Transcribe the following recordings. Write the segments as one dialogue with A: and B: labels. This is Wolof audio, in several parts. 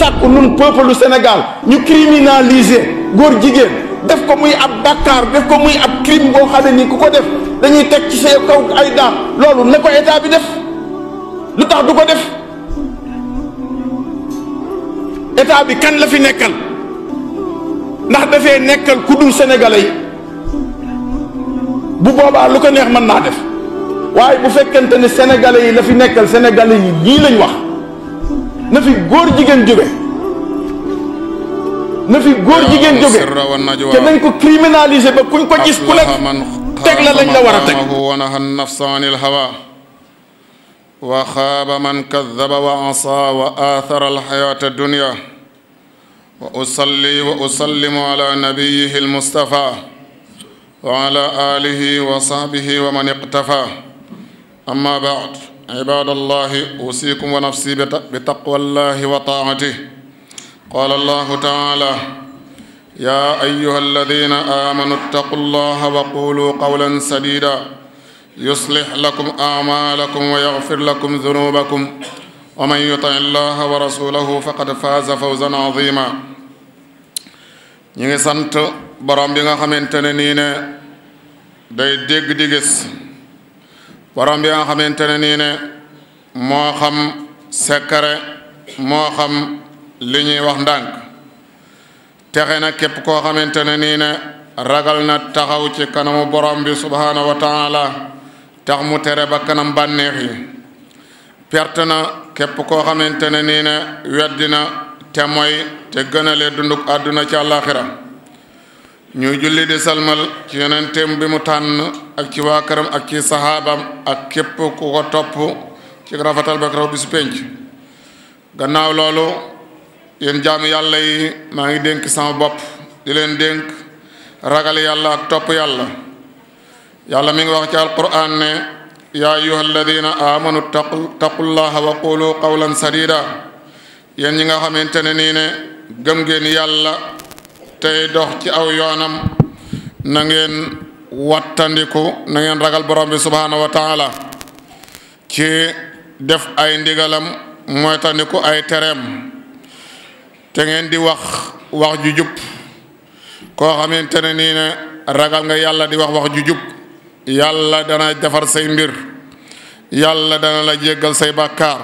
A: sàkku nun peuple lu Sénégal ñu criminaliser góor jigéen def ko muy ab bàkkaar def ko muy ab crime boo xam ne ni ku ko def dañuy teg ci sa kaw ay daan loolu na ko état bi def lu tax du ko def état bi kan la fi nekkal ndax dafee nekkal ku dul sénégalais yi bu boobaa lu ko neex mën naa def waaye bu fekkente ne sénégalais yi la fi nekkal sénégalais yi lii lañ wax na fi góor jigéen jóge na fi góor jigéen jóge te nañ ko criminaliser ba kuñ ko gis ku nekk teg la lañ la war a teg wa naha nafsa an ilhawa wa xaaba man kadaba wa asaa wa athara alxayaata addunia wa usalli wa usallimu ala nabiyihi almustafa wa ala alihi wa sahbihi wa man iqtafa amma baad عباد الله أوصيكم ونفسي بتقوى الله وطاعته قال الله تعالى يا أيها الذين آمنوا اتقوا الله وقولوا قولا سديدا يصلح لكم أعمالكم ويغفر لكم ذنوبكم ومن يطع الله ورسوله فقد فاز فوزا عظيما ñi ngi sant borom bi nga xamante ne nii ne day dégg di gis borom bi nga xamante ne nii ne moo xam sekkare moo xam li ñuy wax ndànk texe na képp koo xamante ne nii ne ragal na taxaw ci kanamu borom bi subhaanahu wa taala tax mu tere ba kanam bànneex yi perte na képp koo xamante ne nii ne weddi na te mooy te gënale dunduk àdduna ci àllaaxira ñuy julli di salmal ci yonenteem bi mu tànn ak ci waa këram ak ci saxaabam ak képp ku ko topp ci rafetal ba raw bi penc gannaaw loolu yéen jaami yàlla yi maa ngi dénk sama bopp di leen dénk ragal yàlla ak topp yàlla yàlla mi ngi wax ci alquran ne yaa ayuha alladina amanu taqu taqullaha wa qulu qawlan sadida ñi nga xamante ne nii ne gëm ngeen yàlla tey dox ci aw yoonam na ngeen wattandiku na ragal borom bi subhaanahu wa taala ci def ay ndigalam mooy tandiku ay tereem te ngeen di wax wax ju jub koo xamante ne nii ne ragal nga yàlla di wax wax ju jub yàlla dana defar say mbir yàlla dana la jéggal say bàkkaar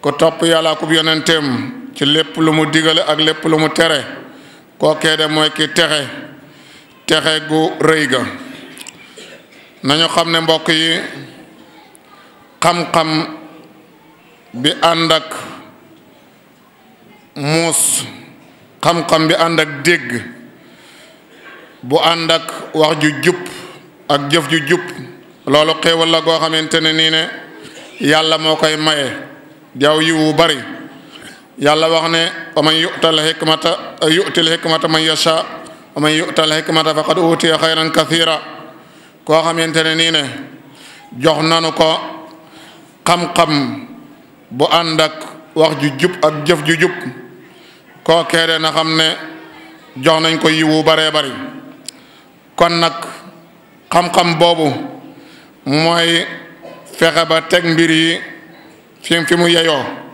A: ko topp yàlla akub yonenteem ci lépp lu mu digale ak lépp lu mu tere kookee de mooy ki texe texe gu rëy ga nañu xam ne mbokk yi xam-xam bi ànd ak muus xam-xam bi ànd ak dégg bu ànd ak wax ju jub ak jëf ju jub loolu xéewal la goo xamante ne nii ne yàlla moo koy maye jaw yiw wu yàlla wax ne wa man yu'tal hikmata yu'til hikmata man yasha wa man yu'tal hikmata faqad utiya xayran kathira koo xamante ne nii ne jox nanu ko xam-xam bu ànd ak wax ju jub ak jëf ju jub koo na xam ne jox nañ ko yiwu baree bari kon nag xam-xam boobu mooy fexe ba teg mbir yi fi fi mu yeyoo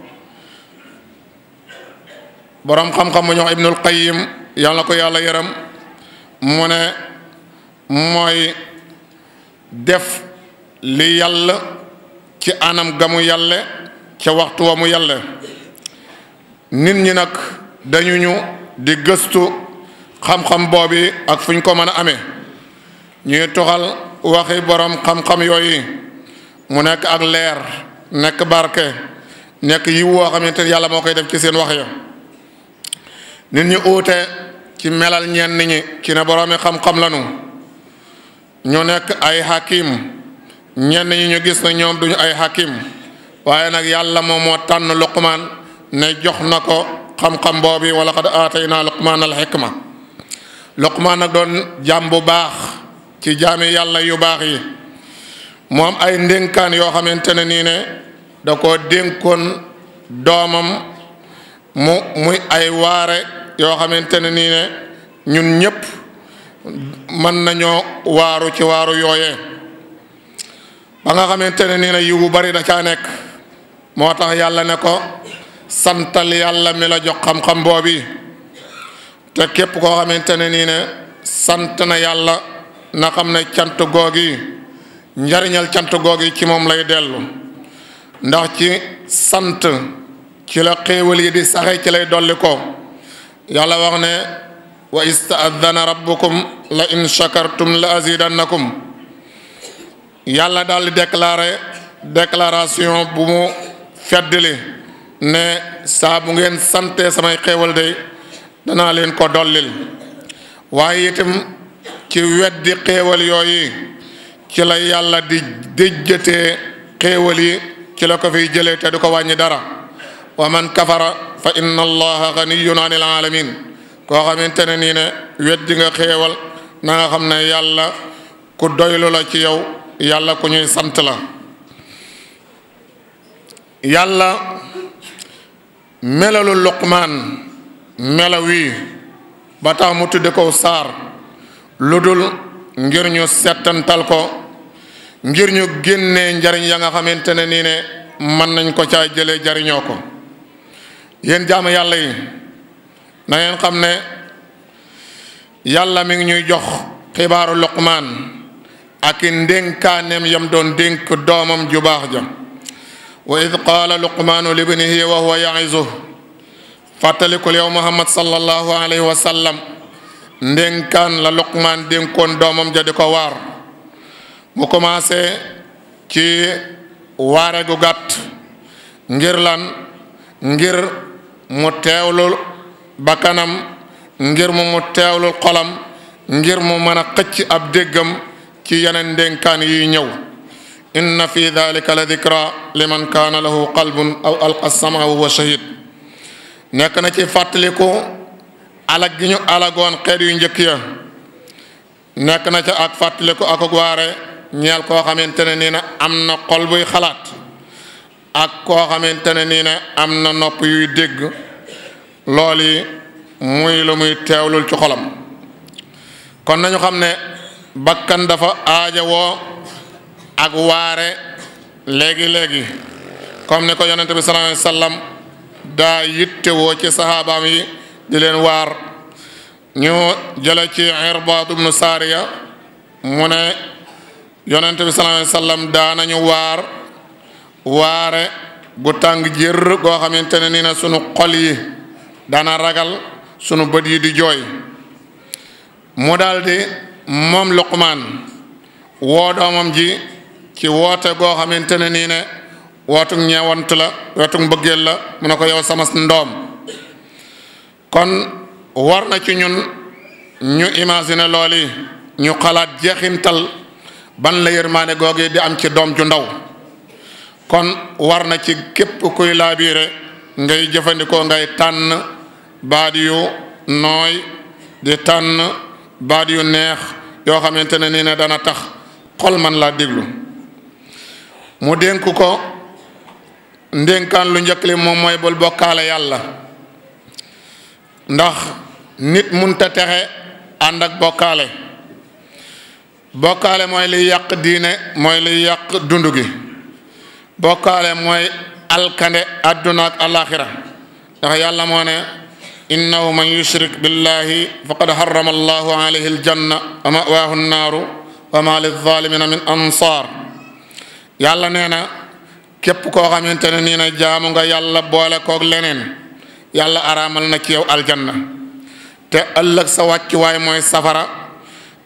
A: boroom xam-xam bu ñu wax ibnul qayyim yàlla ko yàlla yaram mu ne mooy def li yàlla ci anam gamu yàlla ca waxtu wa mu yàlla nit ñi nag dañu ñu di gëstu xam-xam boobi ak fuñ ñu ko mën a amee ñuy toxal waxi boroom xam-xam yooyu mu nekk ak leer nekk barke nekk yiw woo xamante yàlla moo koy def ci seen wax ya nit ñi uute ci melal ñenn ñi ci ne boroomi xam-xam lanu ñu nekk ay hakim ñenn ñi ñu gis na ñoom duñu ay hakim waaye nag yàlla moom moo tànn luqmaan ne jox na ko xam-xam boobu wala xad aataynaa luqmaan al xikma luqmaan nag doon jaam bu baax ci jaami yàlla yu baax yi moom ay ndénkaan yoo xamante ne nii ne da ko dénkoon doomam mu muy ay waare yoo xamante ne nii ne ñun ñépp mën nañoo waaru ci waaru yooye ba nga xamante ne nii ne yiw bu bari da caa nekk moo tax yàlla ne ko santal yàlla mi la jox xam-xam boobi te képp koo xamante ne nii ne sant na yàlla na xam ne cant googi njariñal cant googi ci moom lay dellu ndax ci sant ci la xéewal yi di saxe ci lay dolli ko yàlla wax ne wa istaadana rabbukum la in shakartum la azidannakum yàlla daal di déclaré déclaration bu mu feddali ne saa bu ngeen sante samay xéewal day leen ko dollil waaye itam ci weddi xéewal yooyu ci la yàlla di déjjatee yi ci la ko fiy jëlee te ko wàññi dara wa man kafara fa inna allaha ganiyun anil alamin koo xamante ne nii ne weddi nga xéewal na xam ne yàlla ku doylu la ci yow yàlla ku ñuy sant la yàlla melalu luqmaan melaw yi ba tax mu tudde ko saar lu dul ngir ñu settantal ko ngir ñu génne njariñ ya nga xamante ne nii ne mën nañ ko caa jëlee jariñoo ko yéen jaamu yàlla yi na ngeen xam ne yàlla mi ngi ñuy jox xibaaru luqmaan ak i yam doon dénk doomam ju baax ja wa id qaala luqmaanu libnihi wa huwa yaizu fàttalikul yow muhammad sallallahu alayhi wa sallam ndénkaan la luqmaan dénkoon doomam ja di ko waar mu commencé ci waare gu gàtt ngir lan ngir mu teewlul bakkanam ngir mu mu teewlul xolam ngir mu mën a xëcc ab déggam ci yeneen ndénkaan yuy ñëw inna fi dalika la dikra liman kaana lahu qalbun aw alqa sama wa shahid nekk na ci fàttaliku alag gi ñu alagoon xeet yu njëkk ya nekk na ca ak fàttaliku ak waare ñeel koo xamante ne nii na am na xol buy xalaat ak koo xamante ne nii ne am na nopp yuy dégg lool yi muy la muy teewlul ci xolam kon nañu xam ne bakkan dafa aajawoo ak waare léegi-léegi comme ni ko yonent bi sallallahu alayhi wasallam daa yittewoo ci saxaabaam yi di leen waar ñu jëla ci Irbaad ibnu Saariya mu ne yonent bi sallallahu alayhi wasallam daa nañu waar waare gu tàng jër goo xamante ne nii na sunu xol yi dana ragal sunu bët yi di jooy mu daldi moom luqmaan woo doomam ji ci woote goo xamante ne nii ne wootug ñeewant la wootug mbëggeel la mu ne ko yow sama ndoom kon war na ci ñun ñu imaginer lool ñu xalaat jeexintal ban la maane googee di am ci doom ju ndaw kon war na ci képp kuy laabire ngay jëfandikoo ngay tànn baat yu nooy di tànn baat yu neex yoo xamante ne nii ne dana tax xol man laa diglu mu dénk ko ndénkaan lu njëkk li moom mooy bul bokkaale yàlla ndax nit munta texe ànd ak bokkaale bokkaale mooy lay yàq diine mooy lay yàq dund gi bokkaale mooy alkande adduna ak alaxira yàlla moo ne innahu man yushrik billahi faqad harrama allahu alayhi aljanna wa mawaahu ma lilzalimina min ansaar yàlla nee na képp koo xamante ne nii na nga yàlla boole kook leneen yàlla araamal na ci yow aljanna te ëllëg sa wàccuwaay mooy safara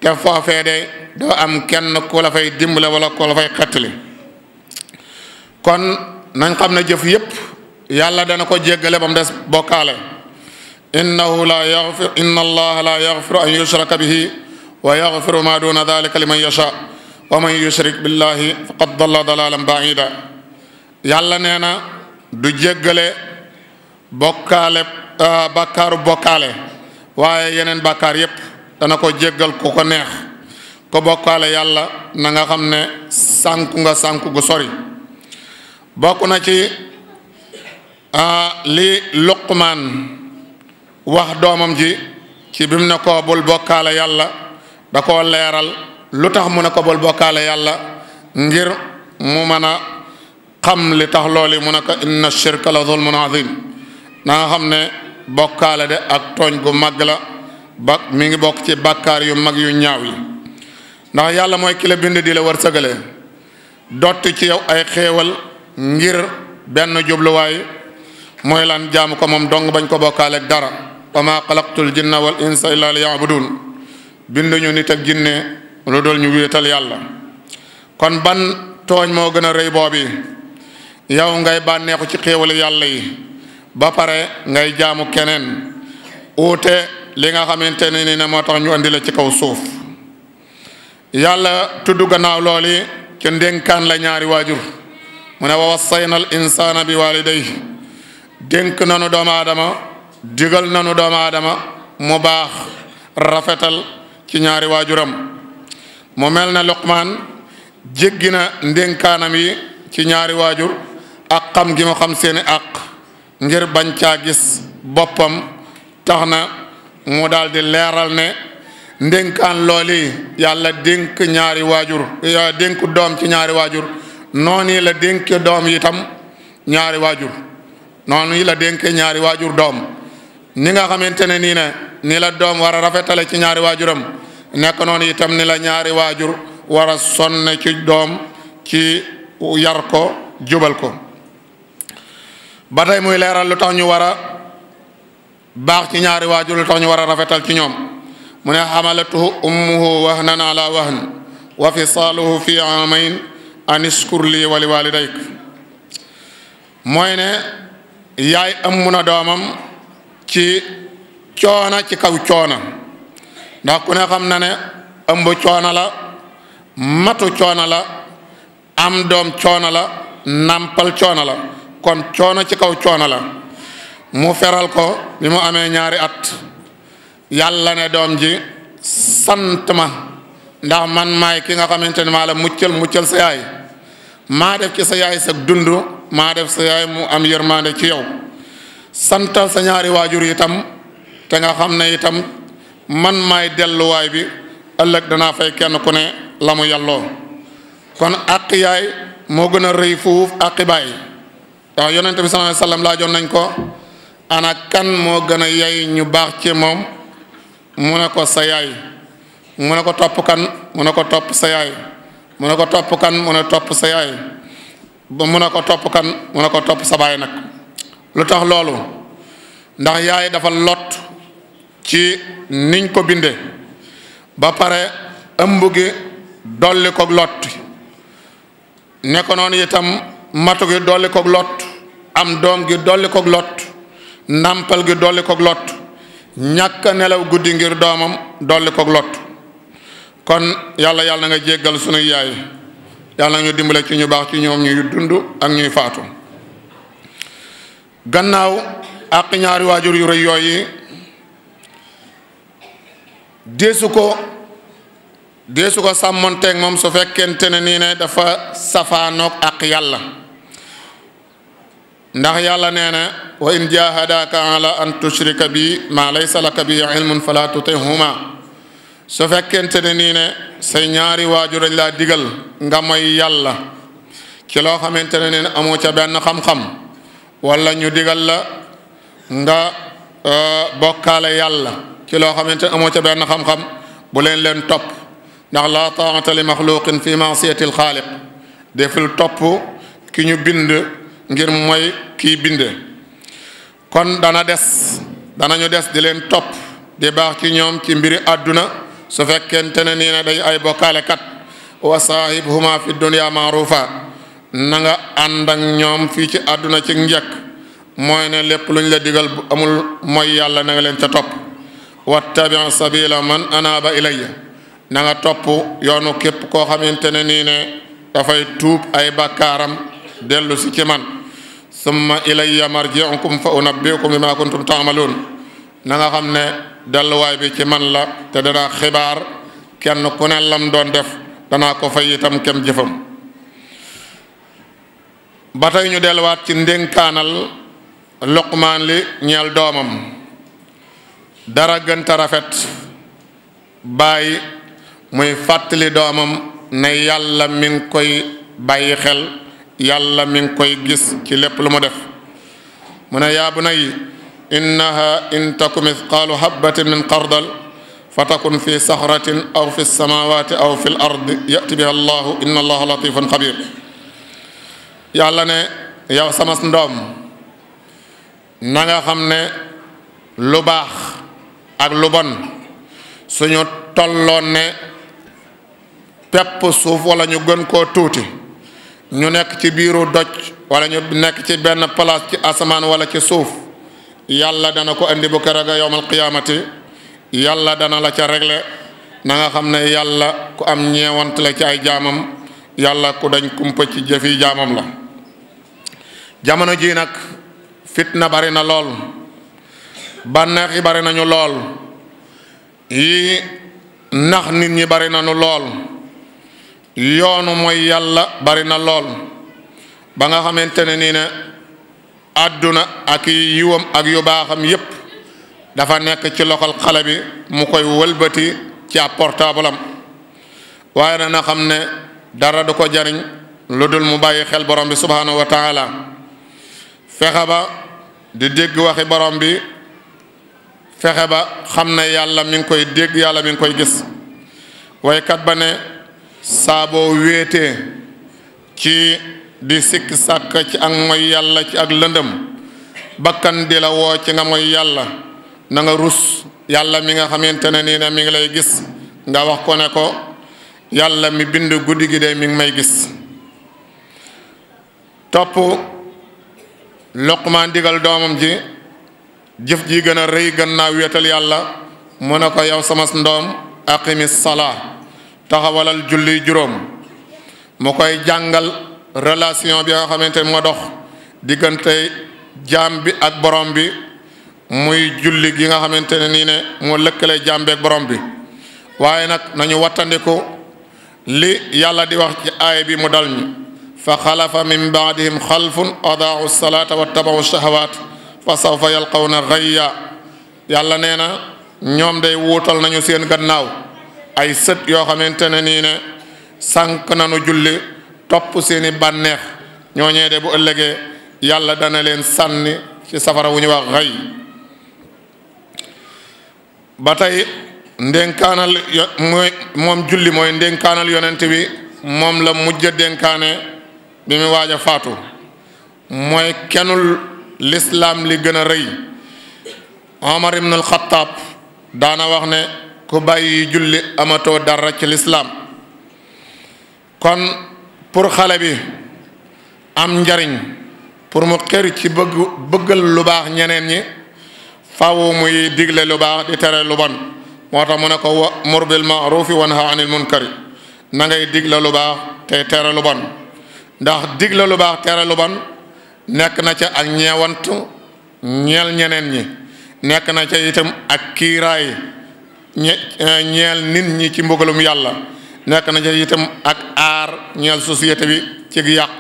A: te foofee de am kenn ku fay dimbale wala ku fay xettali kon nañ xam ne jëf yépp yàlla dana ko jéggale ba mu des bokkaale innahu la yaxfir inna allaha la yaxfiru an yushraka bihi wa yaxfiru ma duna dalika liman yasha wa man yushrik billahi faqad dalla dalalan baida yàlla nee na du jéggale bokkaale euh, bàkkaaru bokkaale waaye yeneen bakkaar yépp dana ko jéggal ku ko neex ko bokkaale yàlla nanga xam ne sànku nga sànku gu sori bokk na ci li luqmaan wax doomam ji ci bi na ne ko bul bokkaale yàlla da koo leeral lu tax mu ne ko bul bokkaale yàlla ngir mu mën a xam li tax looli mu ne ko inna shirka la zulmun azim na nga xam ne bokkaale de ak tooñ gu mag la ba mi ngi bokk ci bàkkaar yu mag yu ñaaw yi ndax yàlla mooy ki la bind di la wërsëgale dotti ci ay xéewal ngir benn jubluwaay mooy lan jaamu ko moom dong bañ ko bokkaaleeg dara wa maa xalaqtul jinna wal insa illa li binduñu nit ak jinne lu dul ñu wéetal yàlla kon ban tooñ moo gën a rëy boobi yow ngay bànneexu ci xéewali yàlla yi ba pare ngay jaamu keneen uute li nga xamante ne ni ne moo tax ñu andi la ci kaw suuf yàlla tudd gannaaw looli ci ndénkaan la ñaari waajur mu ne wa wassayna al insaana bi waliday dénk nanu doomu aadama digal nanu doomu aadama mu baax rafetal ci ñaari waajuram mu mel na Luqmaan jéggi na ndénkaanam yi ci ñaari waajur ak xam gi mu xam seeni àq ngir bañ caa gis boppam tax na mu daal leeral ne ndénkaan looli yàlla dénk ñaari waajur dénk doom ci ñaari waajur noonu la dénke doom yi ñaari waajur noonu la dénke ñaari waajur doom ni nga xamante ne nii ne ni la doom war a rafetale ci ñaari waajuram nekk noon itam ni la ñaari waajur war a sonne ci doom ci yar ko jubal ko ba muy leeral lu tax ñu war a baax ci ñaari waajur lu tax ñu war a rafetal ci ñoom mu ne xamalatuhu ummuhu wahnan ala wahn wa fisaaluhu fi amayn aniskur lii wali walidayk mooy ne yaay ëmm na doomam ci coona ci kaw coona ndax ku ne xam na ne ëmb coona la matu coona la am doom coona la nàmpal coona la kon coona ci kaw coona la mu feral ko bi mu amee ñaari at yàlla ne doom ji sant ma ndax man maay ki nga xamante ne maa la muccal muccal sa yaay maa def ci sa yaay sa dund maa def sa yaay mu am yërmande ci yow santal sa ñaari waajur yitam te nga xam ne itam man may delluwaay bi ëllëg danaa fay kenn ku ne lamu mu yàlloo kon àq yaay moo gën a rëy fuuf àqi baay waaw bi sallallahu alayhi wasallam laajoon nañ ko ana kan moo gën a yay ñu baax ci moom mu ne ko sa yaay mu ne ko topp kan mu ne ko topp sa yaay mu ne ko topp kan mu ne topp sa yaay mun ne ko topp kan mu ne ko topp sa baay nag lu tax loolu ndax yaay dafa lot ci niñ ko bindee ba pare ëmb gi dolli ko lot ne ko noonu itam matu gi dolli ko lot am doom gi dolli ko lot nàmpal gi dolli koog lot ñàkk nelaw guddi ngir doomam dolli ko lot kon yàlla yàlla nga jéggal sunuy yaay yàlla ñu dimbale ci ñu baax ci ñoom ñuy dund ak ñuy faatu gannaaw àq ñaari waajur yu rëy yooyu deesu ko deesu ko sàmmonteeg moom su fekkente ne nii ne dafa safaanoog àq yàlla ndax yàlla nee na wa in jahadaka ala an tushrika bi ma laysa laka bi ilmun fala tutihuma su fekkente ne nii ne say ñaari waajur dañ laa digal nga moy yàlla ci loo xamante ne nii amoo ca benn xam-xam wala ñu digal la nga euh, bokkaale yàlla ci loo xamante ne amoo ca benn xam-xam bu leen leen topp ndax laa taa'ata li maxluqin fi maasiyati alxaaliq deful topp ki ñu bind ngir moy kii bind kon dana des danañu des di leen topp di baax ci ñoom ci mbiri àdduna su fekkente ne nii ne dañ ay bokkaalekat wa saahibhuma fi dunya maarufa na nga ànd ñoom fii ci àdduna ci njëkk mooy ne lépp luñ la digal amul mooy yàlla na nga leen ca topp wattabi sabila man anaaba ilayya na nga topp yoonu képp koo xamante ne nii ne dafay tuub ay bàkkaaram dellu si ci man summa ilayya marji'ukum fa unabbi'ukum bima kuntum ta'malun nanga xam ne delluwaay bi ci man la te danaa xibaar kenn ku ne lam doon def danaa ko fay itam kem jëfam ba tey ñu delluwaat ci ndénkaanal luqmaan li ñeel doomam dara gënta rafet bàyyi muy fàttali doomam ne yàlla mi koy bàyyi xel yàlla mi ngi koy gis ci lépp lu mu def mu ne yaa bu nay innaha in taku mithqaalu habbatin min xardal fa takun fi saxratin aw fi samawati aw fi l ard yati biha allahu inna allaha latifun xabir yàlla ne yow sama ndoom na nga xam ne lu baax ak lu bon suñu tolloon ne pepp suuf wala ñu gën koo tuuti ñu nekk ci biiru doj wala ñu nekk ci benn place ci asamaan wala ci suuf yàlla dana ko andi bu keroog yowmal qiyaamati yàlla dana la ca regle na nga xam ne yàlla ku am ñeewant la ci ay jaamam yàlla ku dañ kumpa ci jëfi jaamam la jamono ji nag fitna bari na lool bànneex yi bari nañu lool yi nax nit ñi bari nañu lool yoonu mooy yàlla bari na lool ba nga xamante ne nii àdduna ak yiwam ak yu baaxam yépp dafa nekk ci loxol xale bi mu koy walbati ci ab portable am waaye na xam ne dara du ko jariñ lu dul mu bàyyi xel borom bi subhaanahu fexe ba di dégg waxi borom bi fexe ba xam ne yàlla mi ngi koy dégg yàlla mi ngi koy gis waykat ba ne saaboo wéetee ci di sikk sàkk ci ak mooy yàlla ci ak lëndëm bakkan di la woo ci nga mooy yàlla na nga rus yàlla mi nga xamante ne nii ne mi ngi lay gis nga wax ko ne ko yàlla mi bind guddi gi de mi ngi may gis topp Luqmaan digal doomam ji jëf ji gën a rëy gën naa wéetal yàlla mu ne ko yow sama ndoom aqimi salaa taxawalal julli juróom mu koy jàngal relation bi nga xamante ni moo dox diggante jaam bi ak borom bi muy julli gi nga xamante ne nii ne moo lëkkale jaam bi borom bi waaye nag nañu wattandiku li yàlla di wax ci aay bi mu dal ñu fa xalafa min baadihim xalfun adaau salaata wa tabaau shahawaat fa sawfa yalqawna gayya yàlla nee na ñoom dey wuutal nañu seen gannaaw ay sët yoo xamante ne nii ne sànq nañu julli topp seeni bànneex ñooñee de bu ëllëgee yàlla dana leen sànni ci safara wu ñu wax xay ba tey ndénkaanal mooy moom yonent bi moom la mujj dénkaane bi mu waaj a faatu mooy kenul lislaam li gën a rëy Omar ibn al daana wax ne ku bàyyi julli amatoo dara ci lislaam kon pour xale bi am njariñ pour mu xër ci bëgg bëggal lu baax ñeneen ñi faw muy digle lu baax di tere lu bon moo tax mu ne ko wa mur bil maarufi wanha anil munkari na ngay digle lu baax te tere lu bon ndax digle lu baax tere lu bon nekk na ca ak ñeewant ñeel ñeneen ñi nekk na ca itam ak kiiraay ñeel nit ñi ci mbugalum yàlla nekk na ci itam ak aar ñeel societé bi ci yàq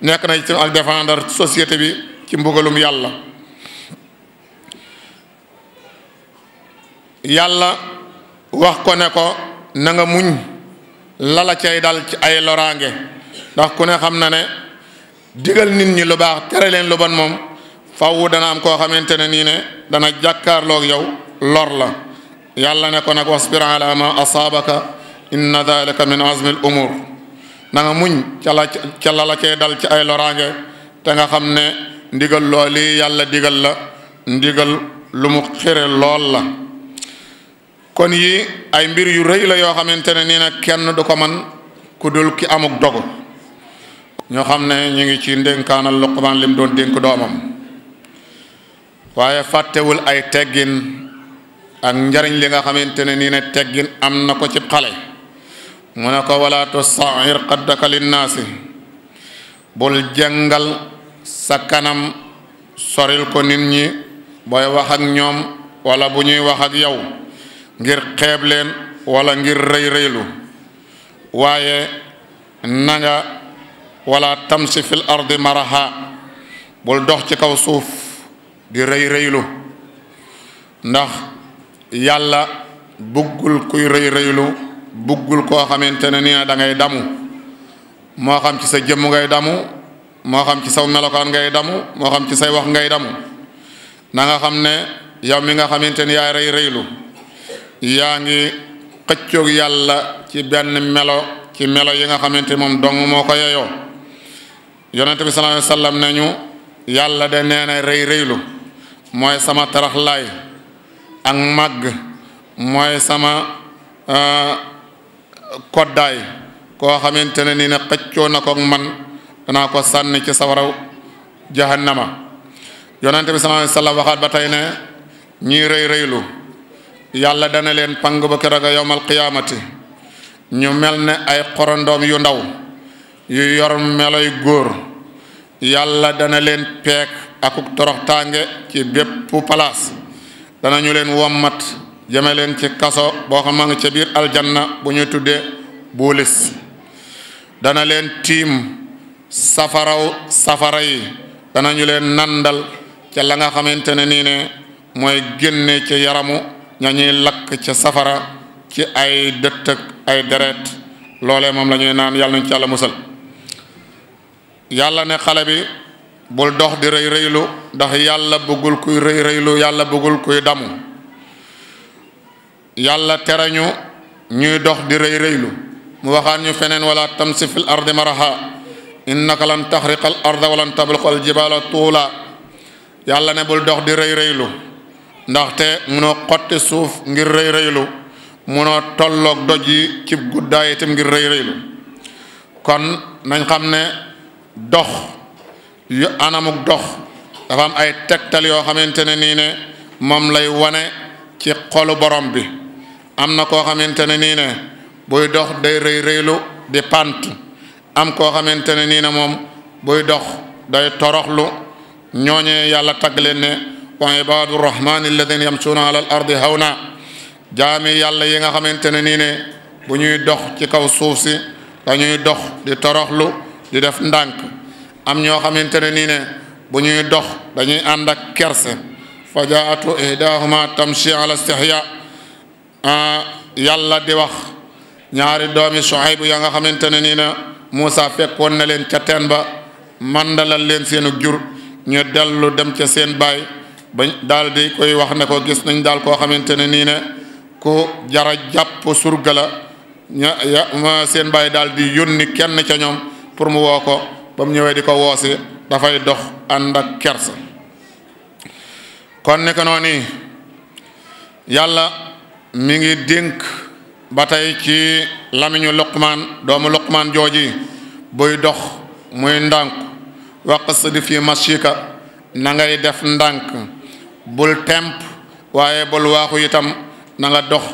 A: nekk na itam ak défendre société bi ci mbugalum yàlla yàlla wax ko ne ko nanga nga muñ lala cay dal ci ay loraange ndax ku ne xam na ne digal nit ñi lu baax tere leen lu moom faww dana am koo xamante ne nii ne dana jàkkaarloog yow lor la yàlla ne ko nag wasbir ala asaabaka inna dalika min azmil umur na nga muñ ca la ca dal ci ay loraange te nga xam ne ndigal looli yàlla digal la ndigal lu lool la kon yi ay mbir yu rëy la yoo xamante ne nii nag kenn du ko man ku dul ki amuk dogu ñoo xam ne ñu ngi ci ndénkaanal Luqmaan lim doon dénk doomam waaye fàttewul ay teggin ak njariñ li nga xamante ne nii ne teggin am na ko ci xale mu ne ko wala tusaxir xaddaka linnaasi bul jàngal sa kanam soril ko nit ñi booy wax ñoom wala bu ñuy wax ak yow ngir xeeb leen wala ngir rëy rëylu waaye nanga wala tamsi fil ardi maraha bul dox ci kaw suuf di rëy rëylu ndax yàlla buggul kuy rëy rëylu buggul koo xamante ne nii da ngay damu moo xam ci sa jëmm ngay damu moo xam ci saw melokaan ngay damu moo xam ci say wax ngay damu nanga xam ne yow mi nga xamante ni yaa rëy rëylu yaa ngi xëccoog yàlla ci benn melo ci melo yi nga xamante moom dong moo ko yeyoo yonente bi sa alayhi wasallam ne yàlla de nee rëy rëylu mooy sama taraxlaay ak màgg mooy sama euh, koddaay koo xamante ne nii ne xëccoo na ko man danaa ko sànni ci sawaraw jahannama yonente bi sallallahu alayhi wasallam waxaat ba tey ne ñii rëy rëylu yàlla dana leen pang ba keroog yowmal qiyaamati ñu mel ne ay xorondoom yu ndaw yu yor meloy góor yàlla dana leen peek akuk torox tànge ci bépp palaas dana ñu leen wommat jëme leen ci kaso boo xam ma ca biir aljanna bu ñu tuddee buulis dana leen tiim safaraw safara yi danañu leen nandal ca la nga xamante ne nii ne mooy génne ci yaramu ñuy lakk ca safara ci ay dëtt ay deret loole moom la ñuy naan yàlla nañ ci yàlla musal yàlla ne xale bi bul dox di rëy rëylu ndax yàlla bëggul kuy rëy yàlla bëggul kuy damu yàlla ñu ñuy dox di rëy rëylu mu waxaan ñu feneen wala tamsi fil ardi maraha innaka lan taxriqa al arda walan tabluqa al jibala tuula yàlla nebul dox di rëy rëylu ndaxte munoo xotti suuf ngir rëy rëylu munoo tolloog doj yi cib guddaay itam ngir rëy rëylu kon nañ xam ne dox yu anamuk dox dafa am ay tegtal yoo xamante ne nii ne moom lay wane ci xolu borom bi am na koo xamante ne nii ne buy dox day rëy rëylu di pant am koo xamante ne nii ne moom buy dox day toroxlu ñooñee yàlla tagg leen ne wa ibadu rahmani alladina yamsuuna ala al ardi hawna jaami yàlla yi nga xamante ne nii ne bu ñuy dox ci kaw suuf si dañuy dox di toroxlu di def ndànk am ñoo xamante ne nii ne bu ñuy dox dañuy ànd ak kerse fa jaatu ihdahuma tamshi ala istihya Ah, yàlla di wax ñaari doomi Suhaybu ya nga xamante ne nii na Muusa fekkoon na leen ca teen ba mandalal leen seenu jur ñu dellu dem ca seen baay ba daal di koy wax ne ko gis nañ daal koo xamante ne nii ne ku jara jàpp surgala la ña seen baay daal di yónni kenn ca ñoom pour mu woo ko ba mu ñëwee di ko woose dafay dox ànd kers kersa kon nekk noonu yàlla mi ngi dénk ba tey ci lamiñu Luqmaan doomu Luqmaan jooji buy dox muy ndànk waqsid fi mashika na ngay def ndànk bul temp waaye bul waaxu itam na nga dox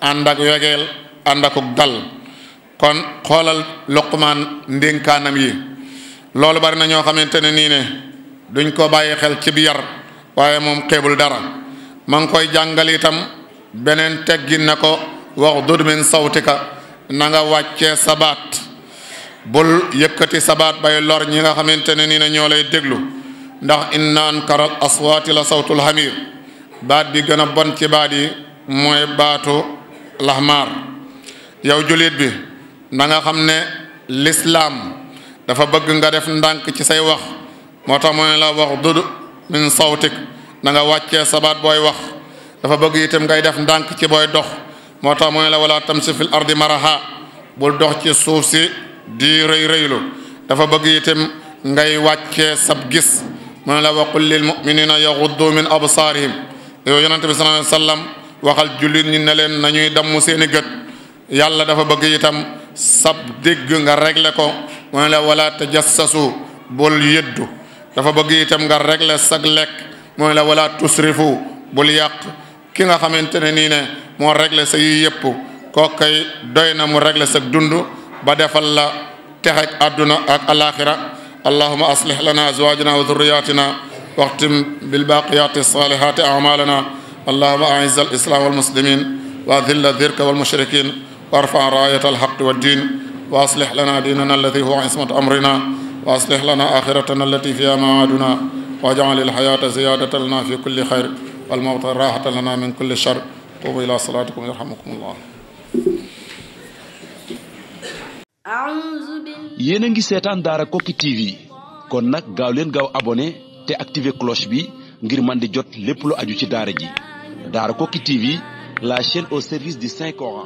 A: ànd ak wegeel ànd akuk dal kon xoolal Luqmaan ndénkaanam yi loolu bari na ñoo xamante ne nii ne duñ ko bàyyi xel ci yar waaye moom xeebul dara ma koy jàngal itam beneen teggin na ko wax dur min sawtika na nga wàccee sabaat bul yëkkati sabaat bay lor ñi nga xamante ne nii na ñoo lay déglu ndax inna ankaral aswaati la sawtul hamir baat bi gën a bon ci baat yi mooy baatu laxmaar yow jullit bi na nga xam ne lislaam dafa bëgg nga def ndànk ci say wax moo tax mu ne la wax dud min sawtik na nga sabaat booy wax dafa bëgg itam ngay def ndànk ci booy dox moo tax mooy la wala tamsi fil ardi maraha bul dox ci suuf si di rëy rëylu dafa bëgg itam ngay wàccee sab gis mu ne la waqul lil muminina yaxuddu min absaarihim yow yonente bi sallallahu alayhi wa sallam waxal jullit ñi na leen na nañuy damm seeni gët yàlla dafa bëgg itam sab dégg nga regle ko mu ne la wala tajassasu bool yëddu dafa bëgg itam nga regle sag lekk mu ne la wala tusrifu bul yàq ki nga xamante ne nii ne moo réglé sa yu yëpp koo koy doy na mu réglé sa dund ba defal la texek àdduna ak alaxira allahuma aslih lana azwajana wa dhurriyatina waxtim bilbaqiyati salihati amalana allahuma aiz al islam walmuslimin wa adhilla dhirka walmushrikin warfa raayat alxaqi waddin wa aslih lana dinana alladi huwa ismat amrina wa aslih lana axiratana allati fiha maaduna waj'al alxayata ziyadatan lana fi kulli xayr walmawta raxatan lana min kulli shar tuubu ila salaatikum yarhamukum allah yéen a ngi seetaan daara Koki TV kon nag gaaw gaaw abonné te activer cloche bi ngir man di jot lépp lu aju ci daara ji daara Koki TV la chaîne au service du Saint